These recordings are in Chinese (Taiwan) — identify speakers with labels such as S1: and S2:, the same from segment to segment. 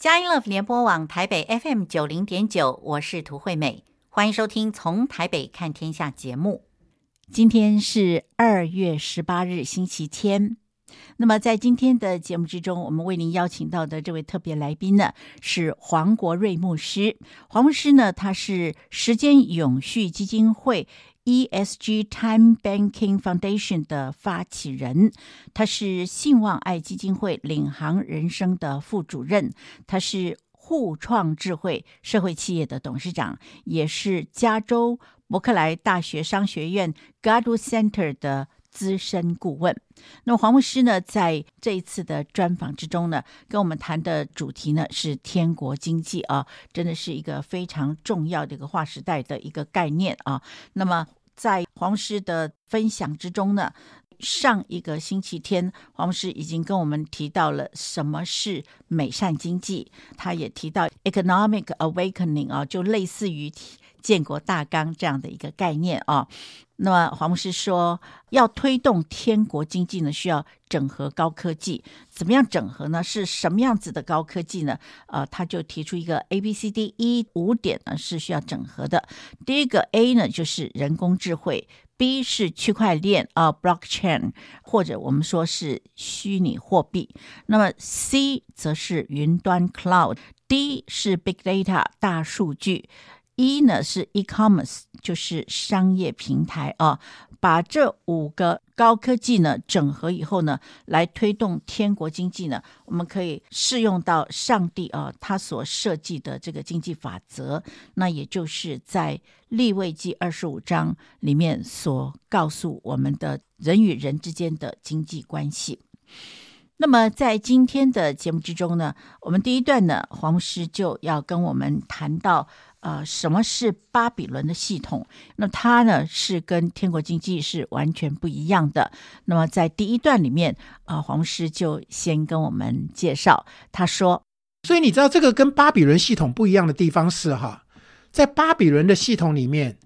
S1: 佳音 Love 聯播網台北 FM 九零點九，我是涂惠美，歡迎收聽《從台北看天下》節目。今天是二月十八日，星期天。那麼在今天的節目之中，我們為您邀請到的這位特別來賓呢，是黃國瑞牧師。黃牧師呢，他是時間永續基金會。E S G Time Banking Foundation 的發起人，他是信望愛基金會領航人生的副主任，他是互創智匯社會企業的董事長，也是加州伯克萊大學商學院 Garwood Center 的資深顧問。那麼黃牧師呢，在這一次的專訪之中呢，跟我們談的主題呢是天國經濟啊，真的是一個非常重要的一個劃時代的一個概念啊。那麼在黃師的分享之中呢，上一個星期天，黃師已經跟我們提到了什麼是美善經濟，他也提到 economic awakening 啊，就類似於，建國大綱這樣的一個概念啊，那麼黃牧師說要推動天國經濟呢，需要整合高科技。怎麼樣整合呢？是什麼樣子的高科技呢？呃，他就提出一個 A、B、C、D、E 五點呢，是需要整合的。第一個 A 呢，就是人工智慧；B 是區塊鏈啊 （blockchain），或者我們說是虛擬貨幣。那麼 C 則是雲端 （cloud），D 是 big data 大數據。一呢是 e-commerce，就是商業平台啊，把這五個高科技呢整合以後呢，來推動天國經濟呢，我們可以適用到上帝啊他所設計的這個經濟法則，那也就是在利未記二十五章裡面所告訴我們的人與人之間的經濟關係。那麼在今天的節目之中呢，我們第一段呢，黃牧師就要跟我們談到。啊、呃，什麼是巴比倫的系統？那它呢是跟天國經濟是完全不一樣的。那麼在第一段裡面，啊、呃，黃牧師就先跟我們介紹，他說：，所以
S2: 你知道這個跟巴比倫系統不一樣的地方是哈，在巴比倫的系統裡面，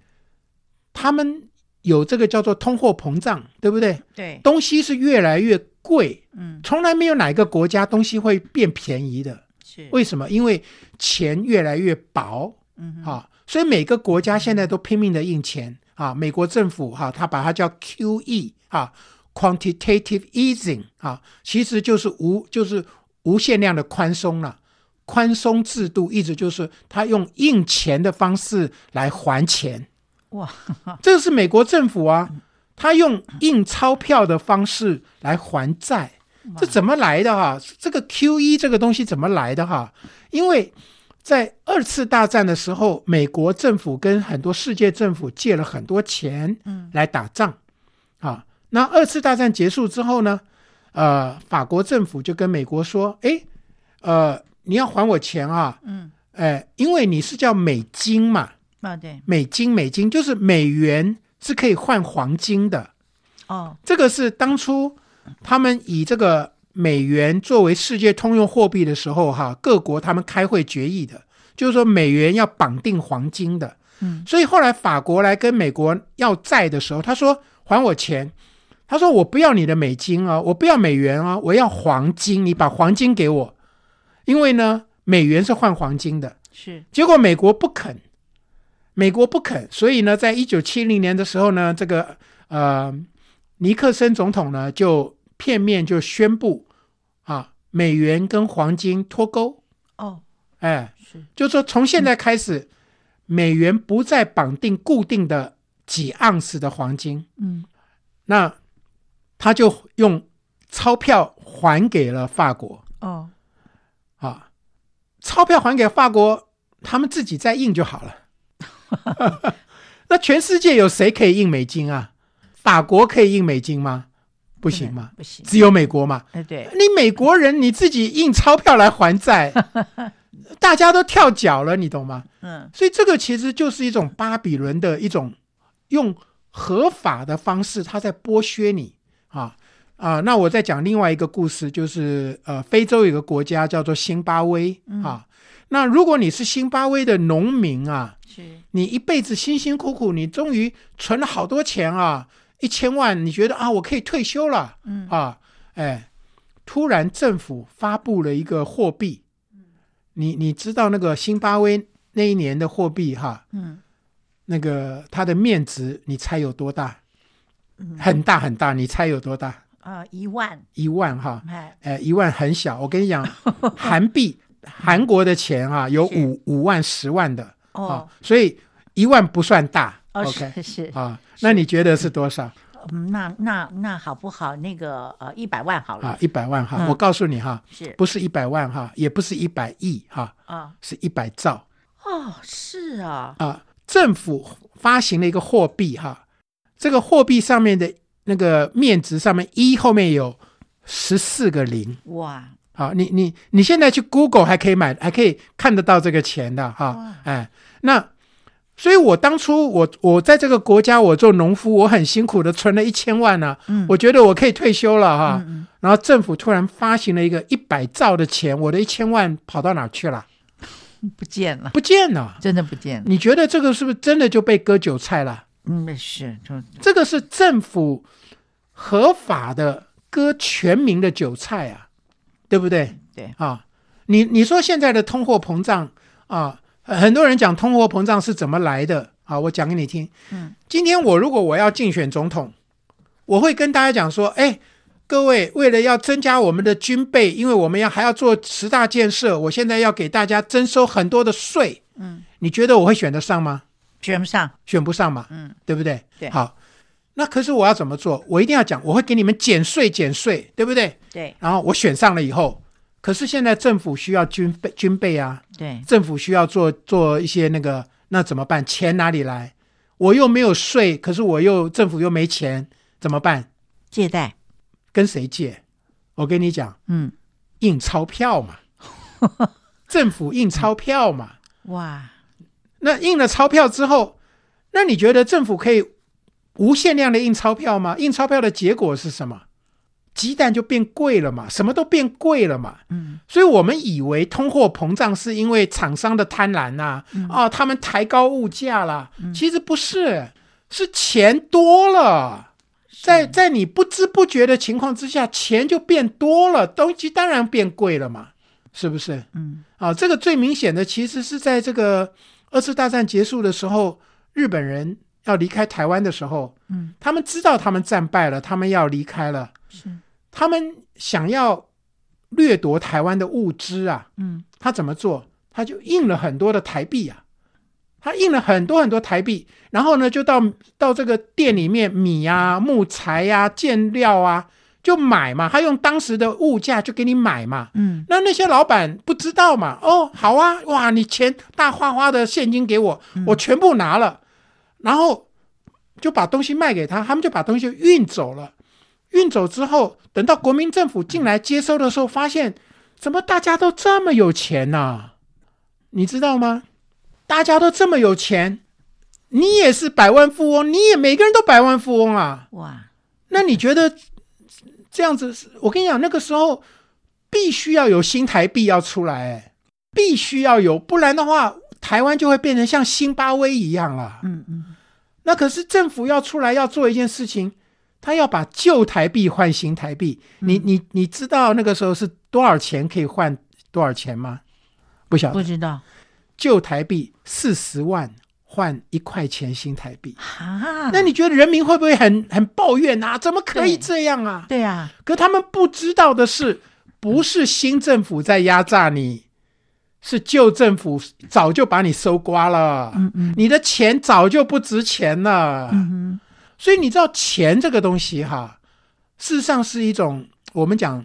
S2: 他們有這個叫做通貨膨脹，對不對？對，東西是越來越貴，嗯，從來沒有哪一個國家東西會變便宜的，是為什麼？因為錢越來越薄。嗯，好、啊，所以每個國家現在都拼命的印錢啊，美國政府哈，他、啊、把它叫 QE 啊，quantitative easing 啊，其實就是無就是無限量的寬鬆了、啊，寬鬆制度一直就是他用印錢的方式來還錢。哇，這是美國政府啊，他用印鈔票的方式來還債。這怎麼來的哈、啊？這個 QE 這個東西怎麼來的哈、啊？因為。在二次大戰的時候，美國政府跟很多世界政府借了很多錢，嗯，來打仗，嗯，啊，那二次大戰結束之後呢，呃，法國政府就跟美國說，哎，呃，你要還我錢啊，嗯，哎，因為你是叫美金嘛，
S3: 啊，對，美
S2: 金美金就是美元是可以換黃金的，
S3: 哦，
S2: 這個是當初他們以這個。美元作為世界通用貨幣的時候，哈，各國他們開會決議的，就是說美元要綁定黃金的，所以後來法國來跟美國要債的時候，他說還我錢，他說我不要你的美金啊，我不要美元啊，我要黃金，你把黃金給我，因為呢，美元是換黃金的，
S3: 是，
S2: 結果美國不肯，美國不肯，所以呢，在一九七零年的時候呢，這個呃尼克森總統呢就片面就宣布，啊，美元跟黃金脫鈎哦，哎，是，就說從現在開始，嗯，美元不再綁定固定的幾盎司的黃金，嗯，那他就用鈔票還給了法國哦，啊，鈔票還給法國，他們自己再印就好了， 那全世界有誰可以印美金啊？法國可以印美金嗎？不行嗎？不行？只有美國嘛，欸？你美國人，嗯，你自己印鈔票來還債， 大家都跳腳了，你懂嗎，嗯？所以這個其實就是一種巴比倫的一種用合法的方式，他在剝削你啊啊，呃！那我再講另外一個故事，就是呃，非洲有一個國家叫做津巴威啊、嗯，啊，那如果你是辛巴威的農民啊，你一輩子辛辛苦苦，你終於存了好多錢啊。一千萬，你覺得啊，我可以退休了，嗯啊，哎、嗯，突然政府發布了一個貨幣，嗯，你你知道那個辛巴威那一年的貨幣哈、啊，嗯，那個它的面值你猜有多大？、嗯很大很大嗯，你猜有
S3: 多大？很
S2: 大很大，你猜有多大？啊，
S1: 一萬，
S2: 一萬哈、啊嗯，哎一萬很小。我跟你講， 韓幣，韓國的錢啊，有五五萬、十萬的、啊、哦，所以一萬不算大。哦、OK 是是是啊。那你覺得是多少？嗯、
S1: 那那那好不好？那個呃，一百萬好了。啊，一百
S2: 萬哈、嗯。我告訴你哈，不是一百萬哈？也不是一百億哈。啊、呃，是一百兆。
S1: 哦，是啊。
S2: 啊，政府發行了一個貨幣哈，這個貨幣上面的那個面值上面一，後面有十四個零。
S1: 哇。
S2: 好、啊，你你你現在去 Google 還可以買，還可以看得到這個錢的哈、啊。哎，那。所以，我當初我我在這個國家，我做農夫，我很辛苦的存了一千萬呢，啊嗯。我覺得我可以退休了哈，啊嗯。然後政府突然發行了一個一百兆的錢，我的一千萬跑到哪去了？不見了，不見了，真的不見了。你覺得這個是不是真的就被割韭菜了？嗯，是，這個是政府合法的割全民的韭菜啊，對不對？對啊，你你說現在的通貨膨脹啊。很多人講通貨膨脹是怎麼來的？好，我講給你聽。嗯，今天我如果我要競選總統，嗯，我會跟大家講說：哎、欸，各位，為了要增加我們的軍備，因為我們要還要做十大建設，我現在要給大家徵收很多的稅。嗯，你覺得我會選得上嗎？選不上，選不上嘛。嗯，對不對？對。好，那可是我要怎麼做？我一定要講，我會給你們減稅，減稅，對不對？對。然後我選上了以後。可是現在政府需要軍備，軍備啊，對，政府需要做做一些那個，那怎麼辦？錢哪裡來？我又沒有稅，可是我又政府又沒錢，怎麼辦？借貸，跟誰借？我跟你講，嗯，印鈔票嘛， 政府印鈔票嘛。嗯。哇，那印了鈔票之後，那你覺得政府可以無限量的印鈔票嗎？印鈔票的結果是什麼？雞蛋就變貴了嘛，什麼都變貴了嘛，嗯，所以我們以為通貨膨脹是因為廠商的貪婪吶、啊嗯，啊，他們抬高物價啦、嗯，其實不是，是錢多了，嗯、在在你不知不覺的情況之下，錢就變多了，東西當然變貴了嘛，是不是？嗯，啊，這個最明顯的其實是在這個二次大戰結束的時候，日本人。要離開台灣的時候，嗯，他們知道他們戰敗了，他們要離開了，是他們想要掠奪台灣的物資啊，嗯，他怎麼做？他就印了很多的台幣啊，他印了很多很多台幣，然後呢，就到到這個店裡面，米呀、啊、木材呀、啊、建料啊，就買嘛，他用當時的物價就給你買嘛，嗯，那那些老闆不知道嘛，哦，好啊，哇，你錢大花花的現金給我，嗯、我全部拿了。然後就把東西賣給他，他們就把東西運走了。運走之後，等到國民政府進來接收的時候，發現怎麼大家都這麼有錢呢、啊？你知道嗎？大家都這麼有錢，你也是百萬富翁，你也每個人都百萬富翁啊！哇，那你覺得這樣子？我跟你講，那個時候必須要有新台幣要出來，必須要有，不然的話，台灣就會變成像辛巴威一樣了。嗯嗯。那可是政府要出來要做一件事情，他要把舊台幣換新台幣。你你你知道那個時候是多少錢可以換多少錢嗎？不曉得，不知道，舊台幣四十萬換一塊錢新台幣。啊？那你覺得人民會不會很很抱怨啊？怎麼可以這樣啊？對，對啊。可他們不知道的是，不是新政府在壓榨你。是舊政府早就把你搜刮了，嗯嗯，你的錢早就不值錢了、嗯，所以你知道錢這個東西哈，事實上是一種我們講，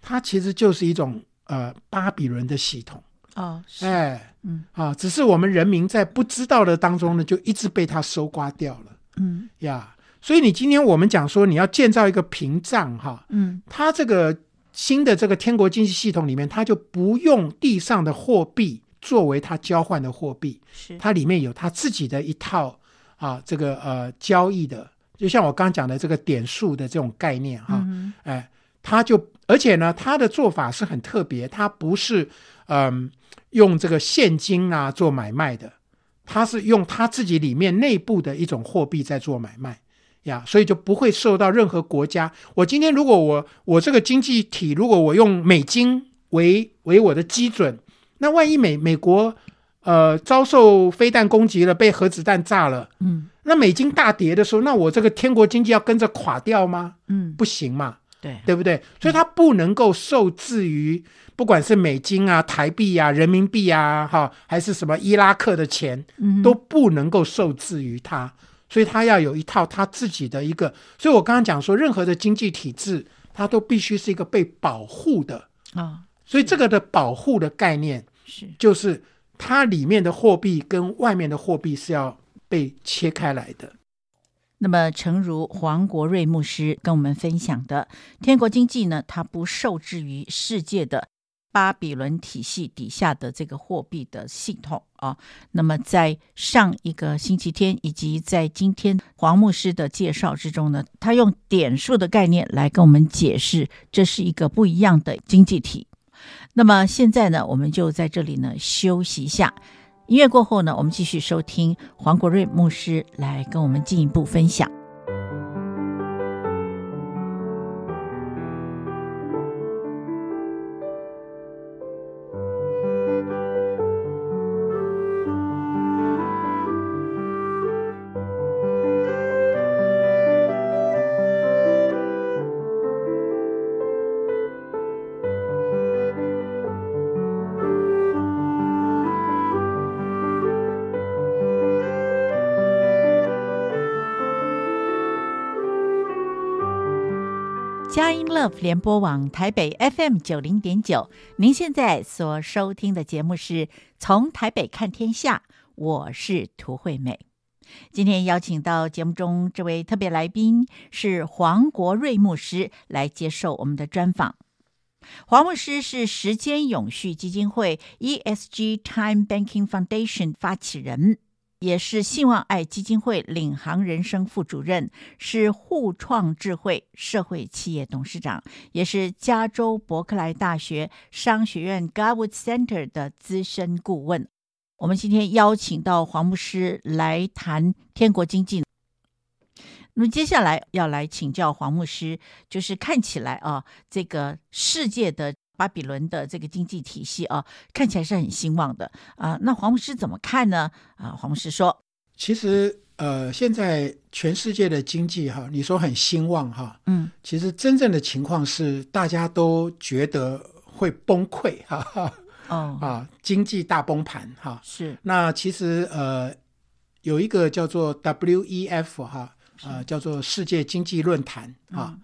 S2: 它其實就是一種呃巴比倫的系統，哦是，哎，嗯，啊，只是我們人民在不知道的當中呢，就一直被它搜刮掉
S3: 了，
S2: 嗯呀，yeah, 所以你今天我們講說你要建造一個屏障哈，嗯，它這個。新的這個天國經濟系統裡面，它就不用地上的貨幣作為它交換的貨幣，它裡面有它自己的一套啊，這個呃交易的，就像我剛講的這個點數的這種概念哈、啊嗯，哎，他就而且呢，他的做法是很特別，他不是嗯、呃、用這個現金啊做買賣的，他是用他自己裡面內部的一種貨幣在做買賣。所以就不會受到任何國家。我今天如果我我這個經濟體，如果我用美金為為我的基準，那萬一美美國呃遭受飛彈攻擊了，被核子彈炸了，嗯，那美金大跌的時候，那我這個天國經濟要跟着垮掉嗎？嗯，不行嘛，對，對不對？嗯，所以它不能夠受制於不管是美金啊、台幣啊、人民幣啊，哈，還是什麼伊拉克的錢，都不能夠受制於它。嗯嗯所以他要有一套他自己的一個，所以我剛剛講說，任何的經濟體制，它都必須是一個被保護的啊。所以這個的保護的概念是，就是它裡面的貨幣跟外面的貨幣是要被切開來的。哦。那麼，誠如黃國
S1: 瑞牧師跟我們分享的，天國經濟呢，它不受制於世界的。巴比倫體系底下的這個貨幣的系統啊，那麼在上一個星期天以及在今天黃牧師的介紹之中呢，他用點數的概念來跟我們解釋，這是一個不一樣的經濟體。那麼現在呢，我們就在這裡呢休息一下，音樂過後呢，我們繼續收聽黃國瑞牧師來跟我們進一步分享。聯播網台北 FM 九零點九，您現在所收聽的節目是《從台北看天下》，我是涂惠美。今天邀請到節目中這位特別來賓是黃國瑞牧師來接受我們的專訪。黃牧師是時間永續基金會 （ESG Time Banking Foundation） 發起人。也是信望愛基金會領航人生副主任，是互創智匯社會企業董事長，也是加州伯克萊大學商學院 Garwood Center 的資深顧問。我們今天邀請到黃牧師來談天國經濟。那麼接下來要來請教黃牧師，就是看起來啊，這個世界的。巴比倫的這個經濟體系啊，看起來是很興旺的啊、呃。那黃牧師怎麼看呢？啊、呃，黃牧師說，其實呃，
S2: 現在全世界的經濟哈、啊，你說很興旺哈、啊，嗯，其實真正的情況是大家都覺得會崩潰哈、啊，嗯、哦、啊，經濟大崩盤哈、啊，是。那其實呃，有一個叫做 W E F 哈啊，啊，叫做世界經濟論壇啊。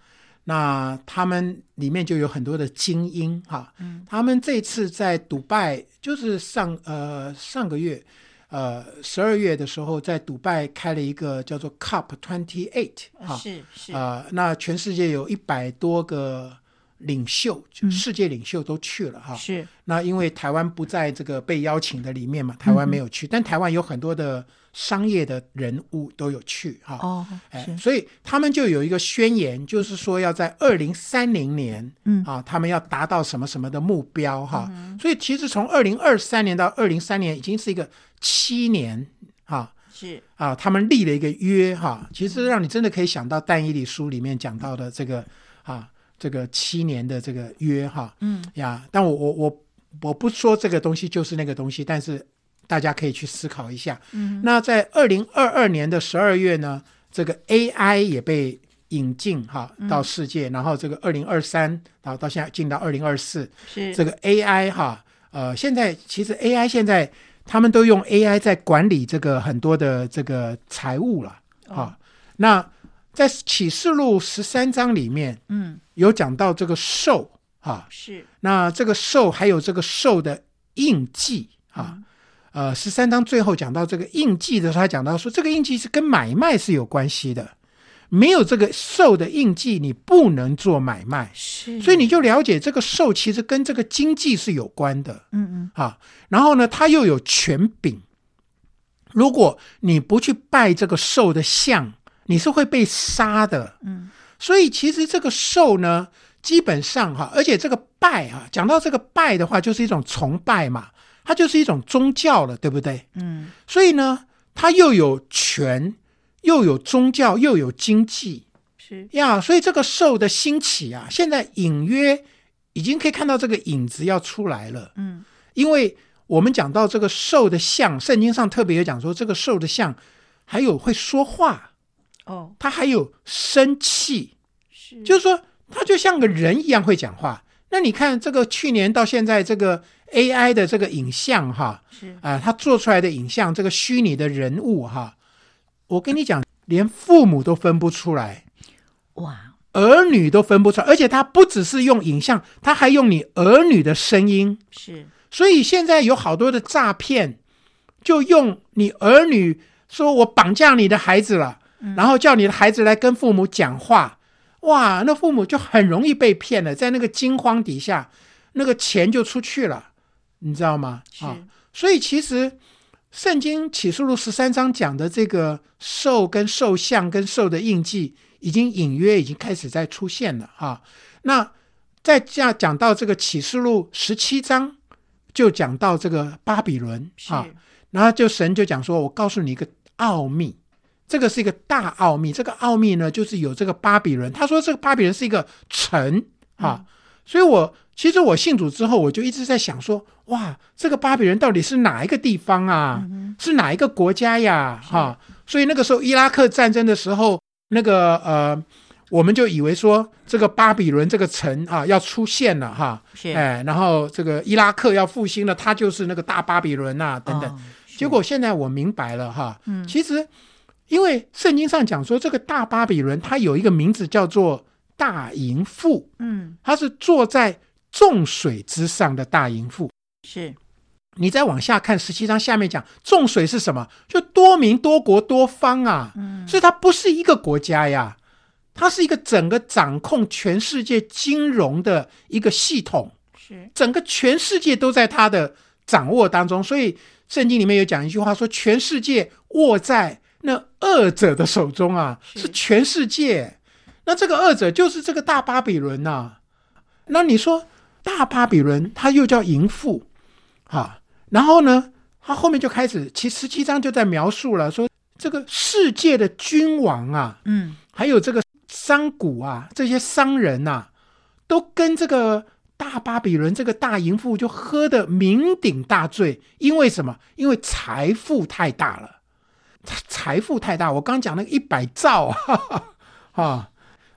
S2: 那他們裡面就有很多的精英哈，嗯、他們這次在迪拜就是上呃上個月呃十二月的時候在迪拜開了一個叫做 COP28 哈、嗯、是是啊、呃、那全世界有一百多個領袖就世界領袖都去了哈、嗯啊、是。那因為台灣不在這個被邀請的裡面嘛，台灣沒有去、嗯、但台灣有很多的。商業的人物都有去哈、哦、哎，所以他們就有一個宣言，就是說要在二零三零年，嗯啊，他們要達到什麼什麼的目標哈、嗯啊。所以其實從二零二三年到二零三零年已經是一個七年哈、啊、是啊，他們立了一個約哈、啊，其實讓你真的可以想到《但以理書》裡面講到的這個啊，這個七年的這個約哈、啊、嗯呀，但我我我我不說這個東西就是那個東西，但是。大家可以去思考一下，嗯，那在二零二二年的十二月呢，這個 AI 也被引進哈、啊嗯、到世界，然後這個二零二三，然後到現在進到二零二四，是這個 AI 哈、啊，呃，現在其實 AI 現在他們都用 AI 在管理這個很多的這個財務了啊、哦。那在啟示錄十三章裡面，嗯，有講到這個獸哈、啊，是那這個獸還有這個獸的印記、啊嗯。呃，十三章最後講到這個印記的時候，他講到說，這個印記是跟買賣是有關係的，沒有這個獸的印記，你不能做買賣，是，所以你就了解這個獸其實跟這個經濟是有關的，嗯嗯，啊，然後呢，它又有權柄，如果你不去拜這個獸的像，你是會被殺的，嗯，所以其實這個獸呢，基本上哈、啊，而且這個拜哈、啊，講到這個拜的話，就是一種崇拜嘛。它就是一種宗教了，對不對？嗯，所以呢，它又有權，又有宗教，又有經濟，
S3: 是
S2: 呀。所以這個獸的興起啊，現在隱約已經可以看到這個影子要出來了。嗯，因為我們講到這個獸的像，聖經上特別有講說，這個獸的像還有會說話哦，它還有生氣，是，就是說它就像個人一樣會講話。嗯嗯那你看這個去年到現在這個 AI 的這個影像，哈，是啊，它做出來的影像這個虛擬的人物哈，我跟你講，連父母都分不出來，哇，兒女都分不出來，而且它不只是用影像，它還用你兒女的聲音，
S3: 是，
S2: 所以現在有好多的詐騙，就用你兒女說我綁架你的孩子了，然後叫你的孩子來跟父母講話。哇，那父母就很容易被騙了，在那個驚慌底下，那個錢就出去了，你知道嗎？啊、哦，所以其實《聖經啟示錄》十三章講的這個獸跟獸像跟獸的印記，已經隱約已經開始在出現了啊、哦。那再加講到這個啟示錄十七章，就講到這個巴比倫啊、哦，然後就神就講說：“我告訴你一個奧秘。”這個是一個大奧秘，這個奧秘呢，就是有這個巴比倫。他說這個巴比倫是一個城啊、嗯，所以我其實我信主之後，我就一直在想說，哇，這個巴比倫到底是哪一個地方啊？嗯嗯，是哪一個國家呀？哈、啊，所以那個時候伊拉克戰爭的時候，那個呃，我們就以為說這個巴比倫這個城啊要出現了哈、啊，哎，然後這個伊拉克要復興了，他就是那個大巴比倫啊等等、哦。結果現在我明白了哈、啊嗯，其實。因為聖經上講說，這個大巴比倫它有一個名字叫做大淫婦，嗯，它是坐在眾水之上的大淫婦。是，你再往下看十七章下面講，眾水是什麼？就多民多國多方啊，嗯，所以它不是一個國家呀，它是一個整個掌控全世界金融的一個系統，是整個全世界都在它的掌握當中。所以聖經裡面有講一句話說，全世界臥在。那惡者的手中啊是，是全世界。那這個惡者就是這個大巴比倫吶、啊。那你說大巴比倫，他又叫淫婦啊。然後呢，他後面就開始，啟十七章就在描述了說，說這個世界的君王啊，嗯，還有這個商賈啊，這些商人吶、啊，都跟這個大巴比倫這個大淫婦就喝得酩酊大醉，因為什麼？因為財富太大了。財富太大，我剛剛講那個一百兆啊，哈，哈啊，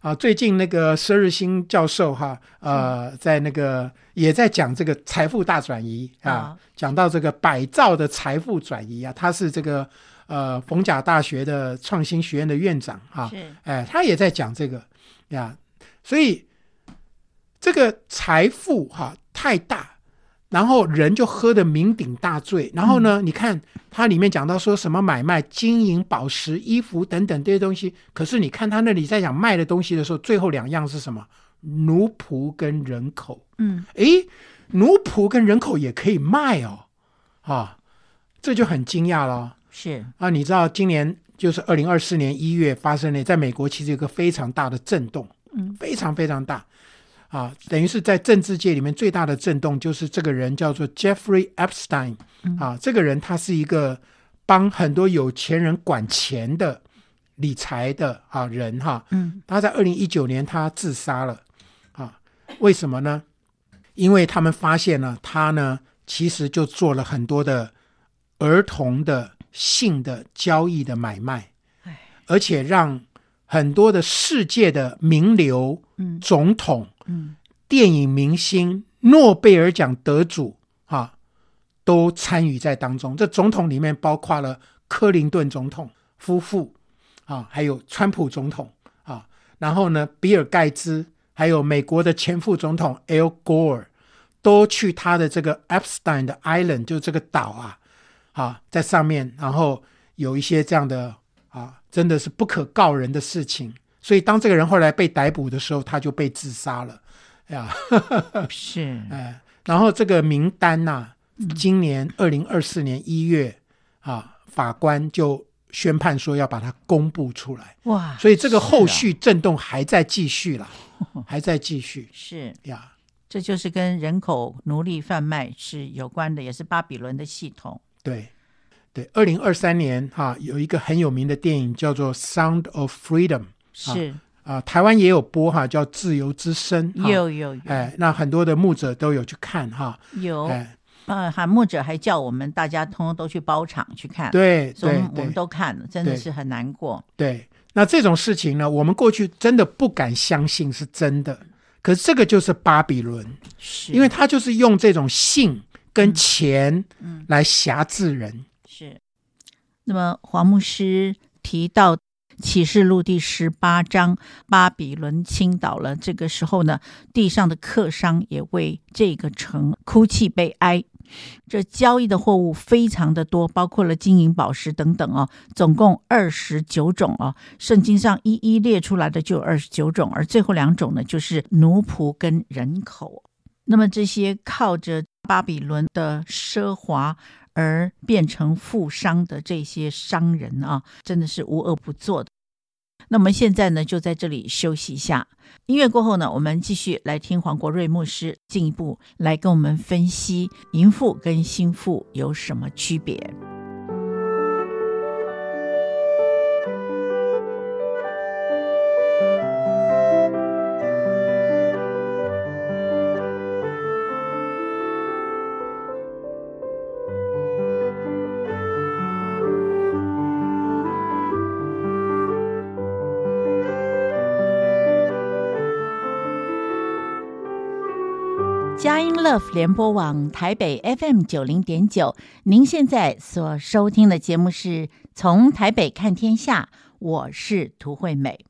S2: 啊！最近那個石日新教授哈、啊，呃，在那個也在講這個財富大轉移啊，講到這個百兆的財富轉移啊，他是這個呃逢甲大學的創新學院的院長啊，哎，他也在講這個呀、啊，所以這個財富哈、啊、太大。然後人就喝得酩酊大醉。然後呢，嗯、你看它裡面講到說什麼買賣金銀寶石衣服等等這些東西。可是你看他那裡在講賣的東西的時候，最後兩樣是什麼？奴僕跟人口。嗯，誒，奴僕跟人口也可以賣哦，啊，這就很驚訝了、哦。是啊，你知道今年就是二零二四年一月發生了，在美國其實有個非常大的震動，
S3: 嗯，非常
S2: 非常大。啊，等於是在政治界裡面最大的震動，就是這個人叫做 Jeffrey Epstein，嗯，啊，這個人他是一個幫很多有錢人管錢的理財的啊人哈，嗯，他在二零一九年他自殺了啊，為什麼呢？因為他們發現了他呢，其實就做了很多的兒童的性的交易的買賣，而且讓很多的世界的名流，總統，嗯。嗯，電影明星、諾貝爾獎得主啊，都參與在當中。這總統裡面包括了克林頓總統夫婦啊，還有川普總統啊。然後呢，比爾蓋茨，還有美國的前副總統 Al Gore 都去他的這個 Epstein 的 Island，就這個島啊，啊，在上面。然後有一些這樣的啊，真的是不可告人的事情。所以，當這個人後來被逮捕的時候，他就被自殺了。呀， 是哎，然後這個名單吶、啊，今年二零二四年一月啊，法官就宣判說要把它公布出來。哇！所以這個後續震動還在繼續啦、啊，還在繼續。
S1: 是呀，這就是跟人口奴隸販賣是有關的，也是巴比倫的系統。
S2: 對對，二零二三年哈、啊、有一個很有名的電影叫做《Sound of Freedom》。是啊，台灣也有播哈，叫《自由之聲》啊，有有有。哎，那很多的牧者都有去看哈、啊。
S1: 有、哎。呃，牧者還叫我們大家通通都去包場去看。對、嗯、所以我們都看了，對對對，真的是很難過
S2: 對。對。那這種事情呢，我們過去真的不敢相信是真的，可是這個就是巴比倫，是，因為他就是用這種性跟錢，嗯，來挾制人。
S1: 是。那
S2: 麼，黃牧師提到。
S1: 啟示錄第十八章，巴比倫傾倒了。這個時候呢，地上的客商也為這個城哭泣悲哀。這交易的貨物非常的多，包括了金銀寶石等等哦，總共二十九種哦。聖經上一一列出來的就有二十九種，而最後兩種呢，就是奴僕跟人口。那麼這些靠着。巴比倫的奢華而變成富商的這些商人啊，真的是無惡不作的。那我們現在呢，就在這裡休息一下。音樂過後呢，我們繼續來聽黃國瑞牧師進一步來跟我們分析“淫婦”跟“新婦”有什麼區別。聯播網台北 FM 九零點九，您現在所收聽的節目是《從台北看天下》，我是塗惠美。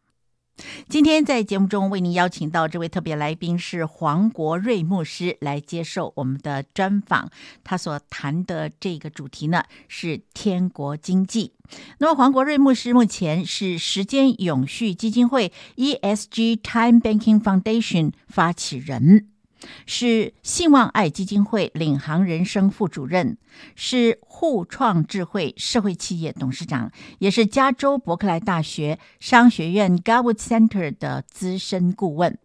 S1: 今天在節目中為您邀請到這位特別來賓是黃國瑞牧師來接受我們的專訪。他所談的這個主題呢是“天國經濟”。那麼，黃國瑞牧師目前是時間永續基金會 （ESG Time Banking Foundation） 發起人。是信望愛基金會領航人生副主任，是互創智匯社會企業董事長，也是加州伯克萊大學商學院 Garwood Center 的資深顧問。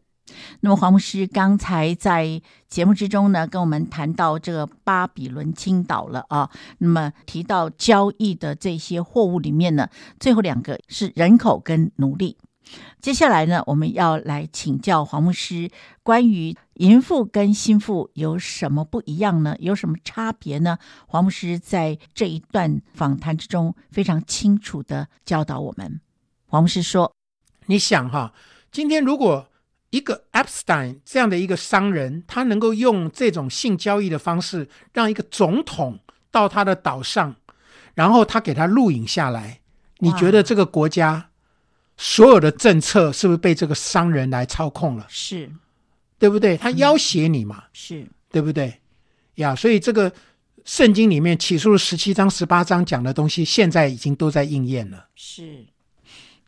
S1: 那麼，黃牧師剛才在節目之中呢，跟我們談到這個巴比倫傾倒了啊，那麼提到交易的這些貨物裡面呢，最後兩個是人口跟奴隸。接下來呢，我們要來請教黃牧師，關於淫婦跟新婦有什麼不一樣呢？有什麼差別呢？黃牧師在這一段訪談之中非常清楚地教導我們。
S2: 黃牧師說：“你想哈，今天如果一個 Epstein 這樣的一個商人，他能夠用這種性交易的方式，讓一個總統到他的島上，然後他給他錄影下來，你覺得這個國家？”所有的政策是不是被這個商人來操控了？是，對不對？他要挾你嘛？嗯、是對不對呀？所以這個聖經裡面啟示錄十七章、十八章講的東西，現在已經都在應驗了。
S3: 是。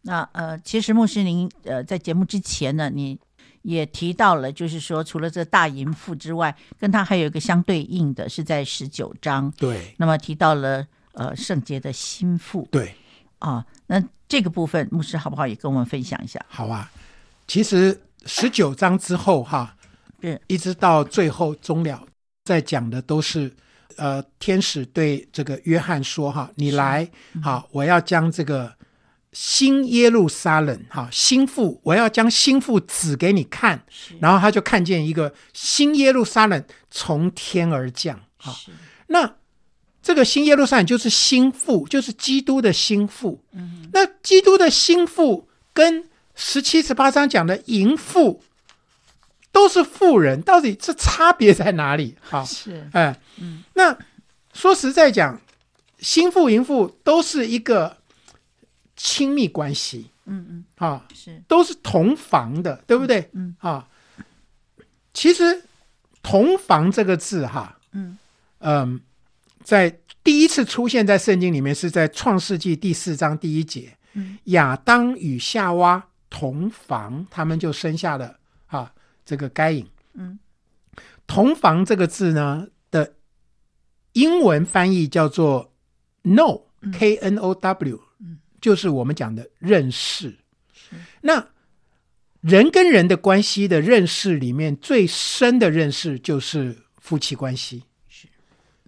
S1: 那呃，其實牧師您呃，在節目之前呢，你也提到了，就是說，除了這大淫婦之外，跟他還有一個相對應的，是在十九章。對。那麼提到了呃，聖潔的新婦。對。啊、哦，那這個部
S2: 分牧師好不好也跟我們分享一下？好啊，其實十九章之後哈，對，一直到最後終了，在講的都是呃，天使對這個約翰說哈、啊，你來好，我要將這個新耶路撒冷哈，新婦，我要將新婦指給你看，然後他就看見一個新耶路撒冷從天而降哈，那。這個新耶路撒冷就是新婦，就是基督的新婦、嗯。那基督的新婦跟十七、十八章講的淫婦，都是婦人，到底這差別在哪裡？哈、哦，是，哎、嗯嗯，那說實在講，新婦、淫婦都是一個親密關係。嗯嗯，
S3: 啊、哦，是，
S2: 都是同房的，對不對？嗯，啊、嗯哦，其實同房這個字，哈，嗯，嗯。在第一次出現在聖經裡面，是在創世紀第四章第一節、嗯，亞當與夏娃同房，他們就生下了啊，這個該隱。嗯，同房這個字呢的英文翻譯叫做 know、嗯、k n o w，嗯，就是我們講的認識。那人跟人的關係的認識裡面最深的認識就是夫妻關係。是，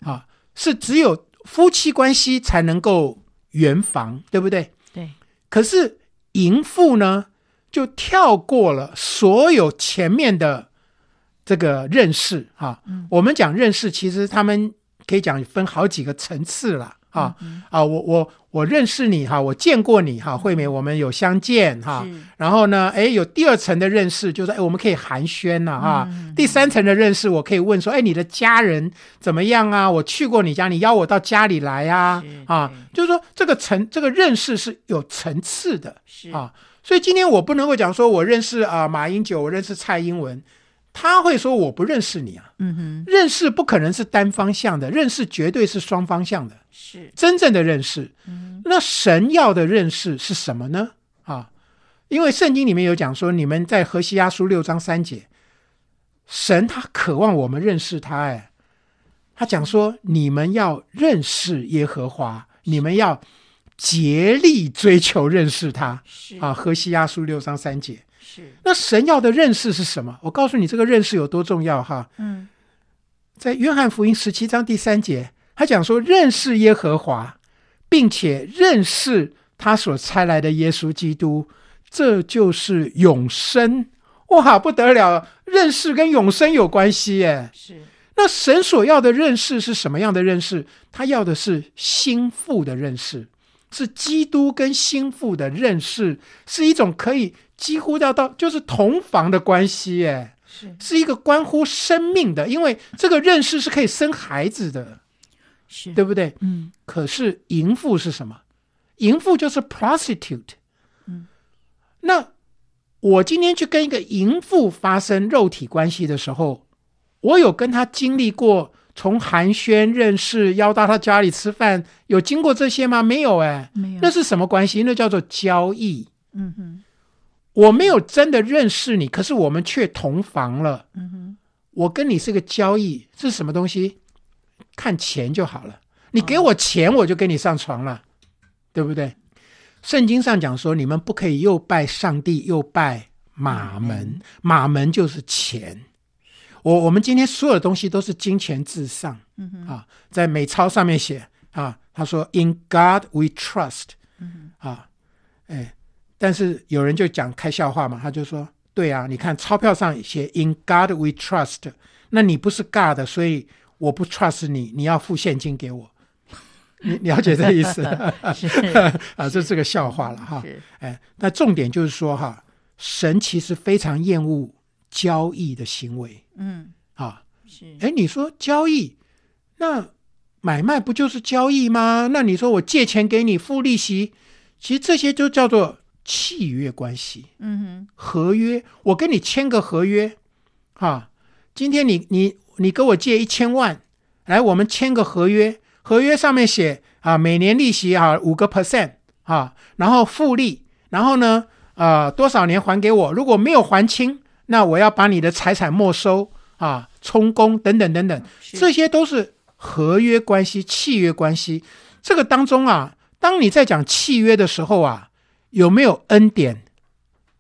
S2: 啊。是只有夫妻關係才能夠圓房，對不對？
S3: 對。
S2: 可是淫婦呢，就跳過了所有前面的這個認識啊，嗯。我們講認識，其實他們可以講分好幾個層次了。啊、嗯嗯、啊，我我我認識你哈，我見過你哈，慧美，我們有相見哈。然後呢，誒、哎，有第二層的認識，就是誒、哎，我們可以寒暄吶。哈。第三層的認識，我可以問說，誒、哎，你的家人怎麼樣啊？我去過你家，你邀我到家裡來啊？啊，就是說這個層這個認識是有層次的，啊。所以今天我不能夠講說我認識啊、呃、馬英九，我認識蔡英文。他會說我不認識你啊、嗯哼，認識不可能是單方向的，認識絕對是雙方向的，
S3: 是
S2: 真正的認識、嗯。那神要的認識是什麼呢？啊，因為聖經裡面有講說，你們在何西阿書六章三節，神他渴望我們認識他，哎，他講說，你們要認識耶和華，你們要竭力追求認識他，啊，何西阿書六章三節。那神要的認識是什麼？我告訴你，這個認識有多重要哈！嗯，在約翰福音十七章第三節，他講說：認識耶和華，並且認識他所差來的耶穌基督，這就是永生。哇，不得了！認識跟永生有關係耶？是。那神所要的認識是什麼樣的認識？他要的是心腹的認識，是基督跟心腹的認識，是一種可以。幾乎要到就是同房的關係，哎，是一個關乎生命的，因為這個認識是可以生孩子的，是對不對？嗯。可是淫婦是什麼？淫婦就是 prostitute。嗯。那我今天去跟一個淫婦發生肉體關係的時候，我有跟他經歷過從寒暄認識，邀到他家裡吃飯，有經過這些嗎？沒有，哎，沒有。那是什麼關係？那叫做交易。嗯嗯。我沒有真的認識你，可是我們卻同房了。嗯，我跟你是個交易，是什麼東西？看錢就好了。你給我錢，哦，我就跟你上床了，對不對？聖經上講說，你們不可以又拜上帝又拜馬門。嗯嗯，馬門就是錢。我我們今天所有的東西都是金錢至上。嗯，啊，在美鈔上面寫啊，他說：“In God we trust。”啊，哎。但是有人就講開笑話嘛，他就說：“對啊，你看鈔票上寫 ‘In God We Trust’，那你不是 God，所以我不 trust 你，你要付現金給我。 你”你了解這意思？ 是 啊是，這是個笑話了哈。哎、嗯，那重點就是說哈，神其實非常厭惡交易的行為。嗯，啊，哎，你說交易，那買賣不就是交易嗎？那你說我借錢給你付利息，其實這些就叫做。契約關係，嗯哼，合約，我跟你簽個合約，啊，今天你你你給我借一千萬，來，我們簽個合約，合約上面寫啊，每年利息啊五個 percent 啊，然後複利，然後呢啊，多少年還給我？如果沒有還清，那我要把你的財產沒收啊，充公等等等等，這些都是合約關係、契約關係。這個當中啊，當你在講契約的時候啊。有沒有恩典？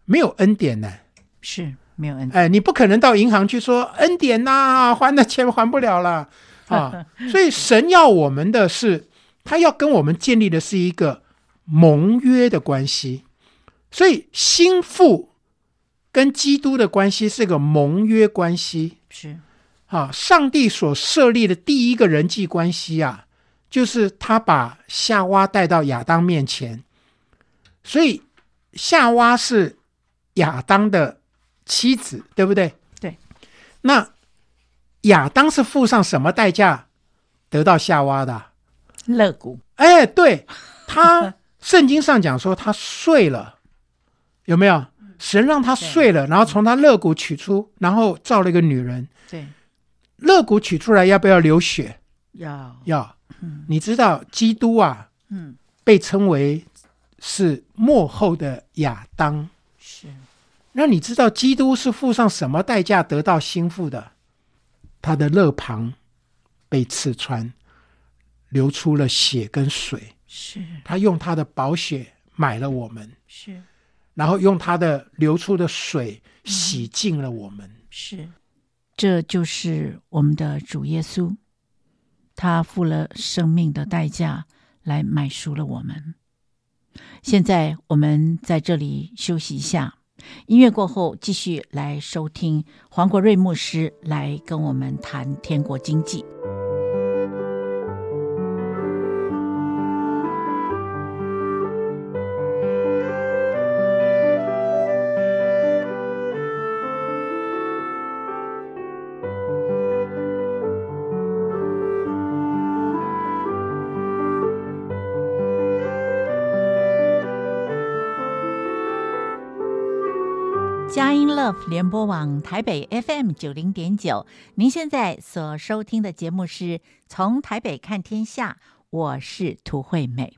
S2: 沒有恩典呢、啊？是沒有恩典。哎，你不可能到銀行去說恩典吶、啊，還的錢還不了了啊！ 所以神要我們的是，他要跟我們建立的是一個盟約的關係。所以新婦跟基督的關係是個盟約關係。是啊，上帝所設立的第一個人際關係啊，就是他把夏娃帶到亞當面前。所以夏娃是亞當的妻子，對不對？對。那亞當是付上什麼代價得到夏娃的肋骨？哎，對。他聖經上講說他睡了， 有沒有？神讓他睡了、嗯，然後從他肋骨取出，然後造了一個女人。
S3: 對。
S2: 肋骨取出來要不要流血？
S3: 要
S2: 要、嗯。你知道基督啊？嗯、被稱為。是末後的亞當，是，那你知道基督是付上什麼代價得到新婦的？他的肋旁被刺穿，流出了血跟水。是他用他的寶血買了我們，是，然後用他的流出的水洗淨了我們。嗯、是，這就是我們的主耶穌，他付了
S1: 生命的代價來買贖了我們。現在我們在這裡休息一下，音樂過後繼續來收聽黃國瑞牧師來跟我們談天國經濟。聯播網台北 FM 九零點九，您現在所收聽的節目是《從台北看天下》，我是涂惠美。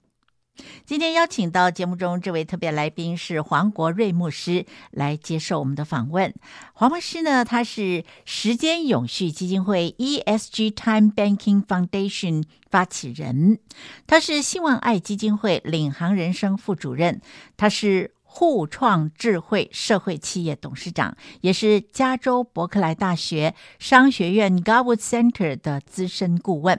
S1: 今天邀請到節目中這位特別來賓是黃國瑞牧師來接受我們的訪問。黃牧師呢，他是時間永續基金會 （ESG Time Banking Foundation） 發起人，他是希望愛基金會領航人生副主任，他是。互創智匯社會企業董事長，也是加州伯克萊大學商學院 Garwood Center 的資深顧問。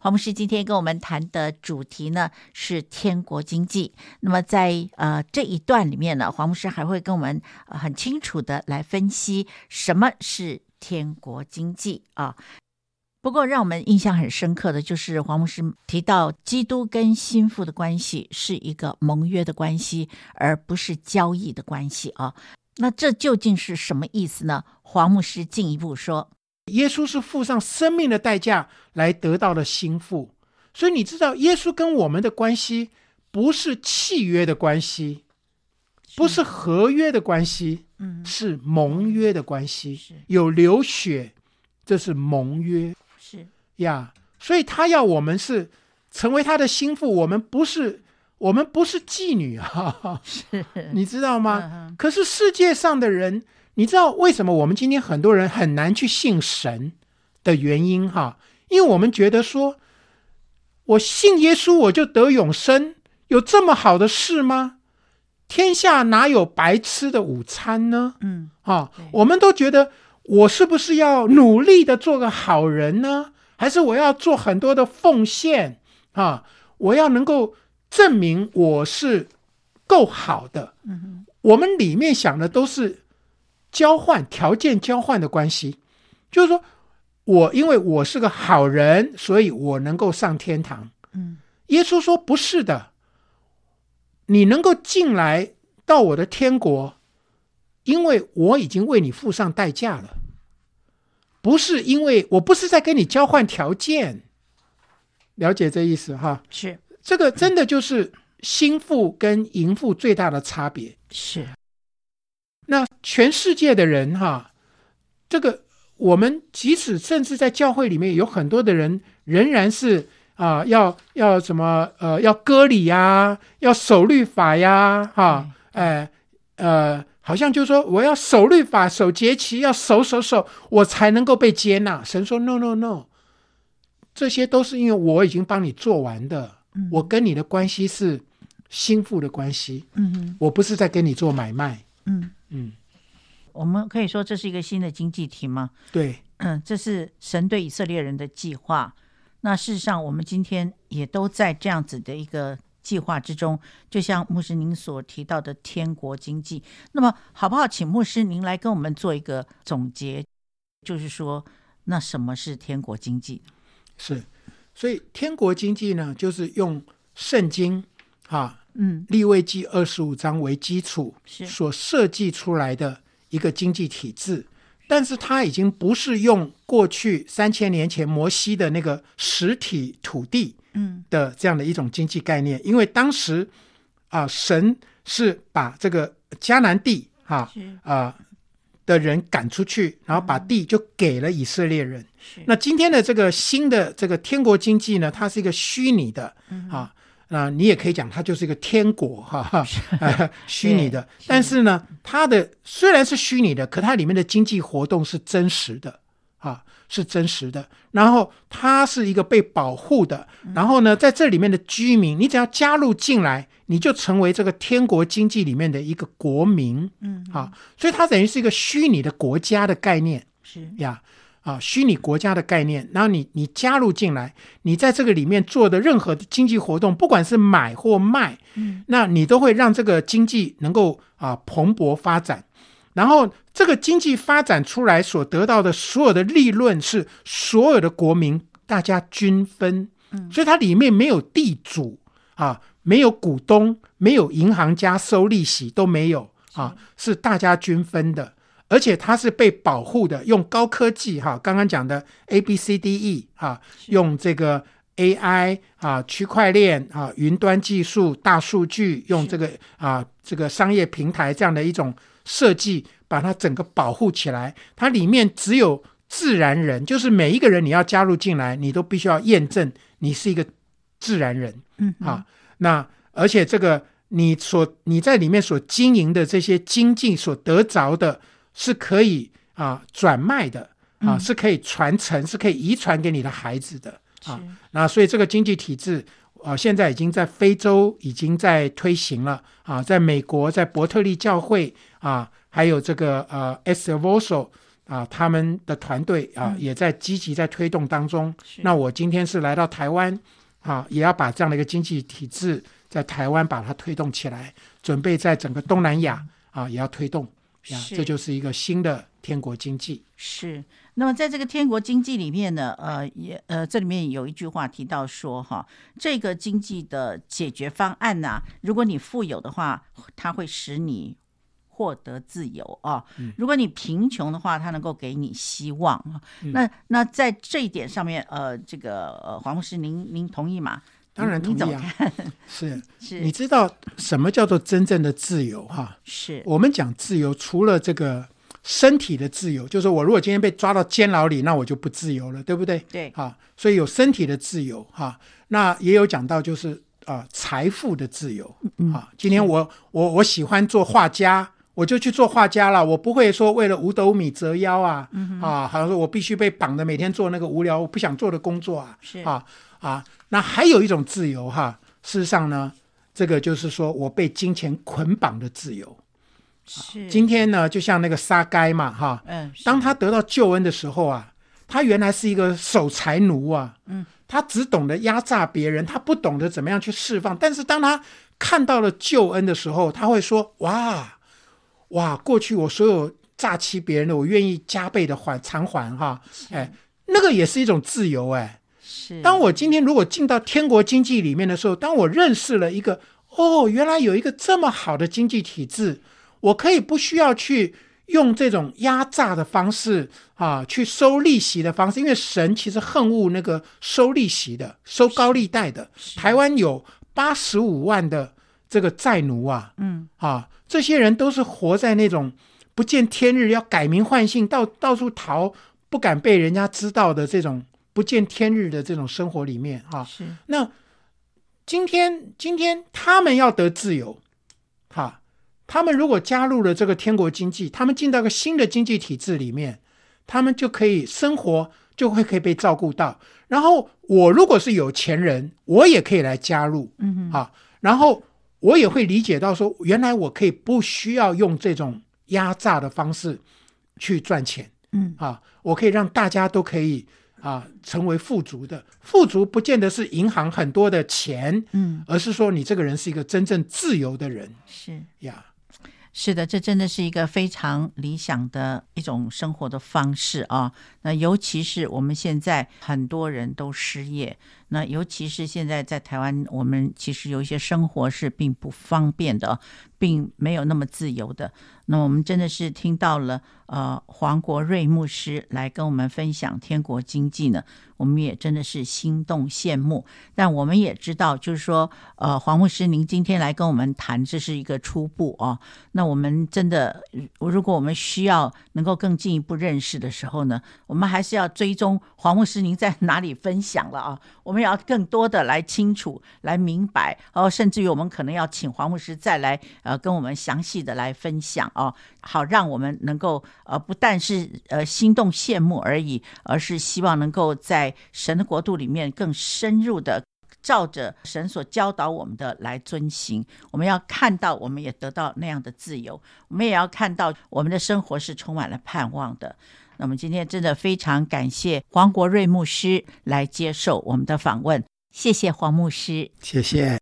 S1: 黃牧師今天跟我們談的主題呢，是天國經濟。那麼在呃這一段裡面呢，黃牧師還會跟我們、呃、很清楚的來分析什麼是天國經濟啊。不過，讓我們印象很深刻的就是黃牧師提到，基督跟新婦的關係是一個盟約的關係，而不是交易的關係啊。那這究竟是什麼意思呢？黃牧師進
S2: 一步說，耶穌是付上生命的代價來得到了新婦，所以你知道，耶穌跟我們的關係不是契約的關係，不是合約的關係，是盟約的關係，有流血，這是盟約。呀、yeah，所以他要我們是成為他的心腹，我們不是，我們不是妓女哈、啊，是 你知道嗎？ 可是世界上的人，你知道為什麼我們今天很多人很難去信神的原因哈、啊？因為我們覺得說，我信耶穌我就得永生，有這麼好的事嗎？天下哪有白吃的午餐呢？嗯、啊，我們都覺得我是不是要努力的做個好人呢？還是我要做很多的奉獻啊？我要能夠證明我是夠好的。我們裡面想的都是交換、條件交換的關係，就是說我因為我是個好人，所以我能夠上天堂。嗯，耶穌說不是的，你能夠進來到我的天國，因為我已經為你付上代價了。不是因為，我不是在跟你交換條件，了解這意思哈？是這個真的就是新婦跟淫婦最大的差別是。那全世界的人哈，這個我們即使甚至在教會裡面有很多的人仍然是啊、呃、要要什麼呃要割禮呀、啊，要守律法呀，哈哎、嗯、呃。呃好像就是說，我要守律法、守節期，要守、守、守，我才能夠被接納。神說：“No，No，No，no, no. 這些都是因為我已經幫你做完的。嗯。我跟你的關係是心腹的關係。嗯哼，我不是在跟你做買賣。嗯
S1: 嗯，我們可以說這是一個新的經濟體嗎？對，嗯，這是神對以色列人的計劃。那事實上，我們今天也都在這樣子的一個。計劃之中，就像牧師您所提到的“天國經濟”，那麼好不好？請牧師您來跟我們做一個總結，
S2: 就是說，那什麼是“天國經濟”？是，所以“天國經濟”呢，就是用《聖經》哈、啊，嗯，《利未記》二十五章為基礎，是所設計出來的一個經濟體制，是但是它已經不是用過去三千年前摩西的那個實體土地。嗯的這樣的一種經濟概念，因為當時啊、呃，神是把這個迦南地哈啊、呃、的人趕出去，然後把地就給了以色列人。那今天的這個新的這個天國經濟呢，它是一個虛擬的啊那、嗯呃、你也可以講它就是一個天國哈，啊、 虛擬的。 但是呢，它的雖然是虛擬的，可它裡面的經濟活動是真實的啊。是真實的，然後它是一個被保護的，然後呢，在這裡面的居民，你只要加入進來，你就成為這個天國經濟裡面的一個國民，嗯，嗯，啊，所以它等於是一個虛擬的國家的概念，是呀，啊，虛擬國家的概念，然後你你加入進來，你在這個裡面做的任何的經濟活動，不管是買或賣，嗯，那你都會讓這個經濟能夠啊蓬勃發展。然後這個經濟發展出來所得到的所有的利潤，是所有的國民大家均分，所以它裡面沒有地主啊，沒有股東，沒有銀行家收利息都沒有啊，是大家均分的，而且它是被保護的，用高科技哈，啊，剛剛講的 A B C D E 啊，用這個 A I 啊，區塊鏈啊，雲端技術、大數據，用這個啊，這個商業平台這樣的一種。設計把它整個保護起來，它裡面只有自然人，就是每一個人你要加入進來，你都必須要驗證你是一個自然人，嗯，嗯啊，那而且這個你所你在裡面所經營的這些經濟所得着的，是可以啊轉賣的啊、嗯，是可以傳承，是可以遺傳給你的孩子的、嗯、啊，那所以這個經濟體制啊，現在已經在非洲已經在推行了啊，在美國在伯特利教會。啊，還有這個呃 Savosso 啊，他們的團隊啊、嗯，也在積極在推動當中。那我今天是來到台灣，啊，也要把這樣的一個經濟體制在台灣把它推動起來，準備在整個東南亞啊也要推動。是，這就是一個新的天國經濟。是。
S1: 那麼在這個天國經濟裡面呢，呃，也呃，這裡面有一句話提到說，哈，這個經濟的解決方案呢、啊，如果你富有的話，它會使你。獲得自由啊、哦！如果你貧窮的話，嗯、它能夠給你希望、嗯、那那在這一點上面，呃，這個、呃、黃老師，您您同意嗎？當然同意、啊、
S2: 是是，你知道什麼叫做真正的自由哈、啊？是我們講自由，除了這個身體的自由，就是我如果今天被抓到監牢裡，那我就不自由了，對不對？對哈、啊、所以有身體的自由哈、啊，那也有講到就是啊，財、呃、富的自由、
S3: 嗯、啊。今天我
S2: 我我喜歡做畫家。我就去做畫家了，我不會說為了五斗米折腰啊、嗯，啊，好像說我必須被綁着每天做那個無聊我不想做的工作啊，是啊啊，那還有一種自由哈、啊，事實上呢，這個就是說我被金錢捆綁的自由。
S3: 是，啊、今天
S2: 呢，就像那個撒該嘛，哈、啊嗯，當他得到救恩的時候啊，他原來是一個守財奴啊、嗯，他只懂得壓榨別人，他不懂得怎麼樣去釋放。但是當他看到了救恩的時候，他會說哇。哇，過去我所有詐欺別人的，我願意加倍的還償還哈、啊，哎，那個也是一種自由哎、欸。是。當我今天如果進到天國經濟裡面的時候，當我認識了一個，哦，原來有一個這麼好的經濟體制，我可以不需要去用這種壓榨的方式啊、去收利息的方式，因為神其實恨惡那個收利息的、收高利貸的。是。台灣有八十五萬的。這個債奴啊，
S3: 嗯
S2: 啊，這些人都是活在那種不見天日，要改名換姓，到到處逃，不敢被人家知道的這種不見天日的這種生活裡面啊。是。那今天，今天他們要得自由，哈、啊，他們如果加入了這個天國經濟，他們進到個新的經濟體制裡面，他們就可以生活，就會可以被照顧到。然後我如果是有錢人，我也可以來加入，嗯嗯，啊，嗯、然後。我也會理解到，說，原來我可以不需要用這種壓榨的方式去賺錢，啊，嗯啊，我可以讓大家都可以啊成為富足的。富足不見得是銀行很多的錢，嗯，而是說你這個人是一個真正自由的人，嗯。Yeah，是呀，
S1: 是的，這真的是一個非常理想的一種生活的方式啊。那尤其是我們現在很多人都失業。那尤其是現在在台灣，我們其實有一些生活是並不方便的。並沒有那麼自由的。那我們真的是聽到了，呃，黃國瑞牧師來跟我們分享天國經濟呢，我們也真的是心動羨慕。但我們也知道，就是說，呃，黃牧師您今天來跟我們談，這是一個初步啊。那我們真的，如果我們需要能夠更進一步認識的時候呢，我們還是要追蹤黃牧師您在哪裡分享了啊。我們也要更多的來清楚、來明白，然後甚至於我們可能要請黃牧師再來。呃，跟我們詳細的來分享哦，好，讓我們能夠呃，不但是呃心動羨慕而已，而是希望能夠在神的國度裡面更深入的照着神所教導我們的來遵行。我們要看到，我們也得到那樣的自由，我們也要看到我們的生活是充滿了盼望的。那麼今天真的非常感謝黃國瑞牧師來接受我們的訪問，謝謝黃牧師，謝謝。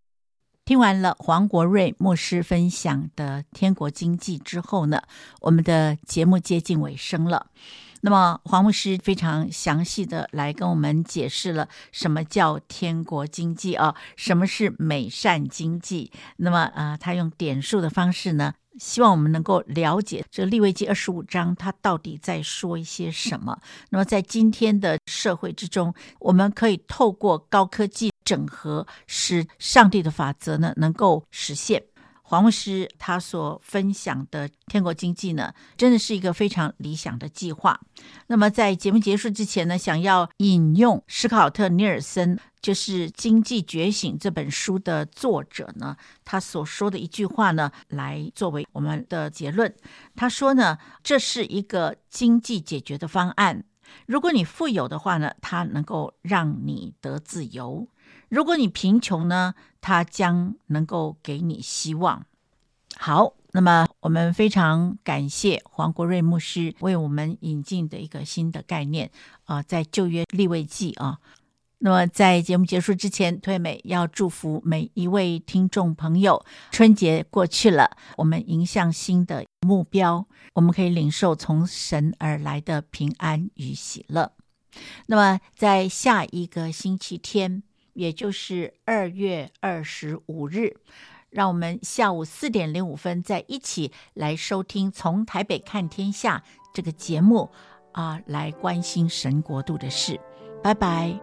S1: 聽完了黃國瑞牧師分享的天國經濟之後呢，我們的節目接近尾聲了。那麼黃牧師非常詳細的來跟我們解釋了什麼叫天國經濟啊，什麼是美善經濟。那麼啊、呃，他用點數的方式呢，希望我們能夠了解這利未記二十五章它到底在說一些什麼。那麼在今天的社會之中，我們可以透過高科技。整合使上帝的法則呢能夠實現。黃牧師他所分享的天國經濟呢，真的是一個非常理想的計劃。那麼在節目結束之前呢，想要引用史考特·尼爾森，就是《經濟覺醒》這本書的作者呢，他所說的一句話呢，來作為我們的結論。他說呢，這是一個經濟解決的方案。如果你富有的話呢，他能夠讓你得自由。如果你貧窮呢，他將能夠給你希望。好，那麼我們非常感謝黃國瑞牧師為我們引進的一個新的概念啊、呃，在舊約利未記啊。那麼在節目結束之前，推美要祝福每一位聽眾朋友。春節過去了，我們迎向新的目標，我們可以領受從神而來的平安與喜樂。那麼在下一個星期天。也就是二月二十五日，讓我們下午四點零五分再一起來收聽《從台北看天下》這個節目啊，來關心神國度的事。拜拜。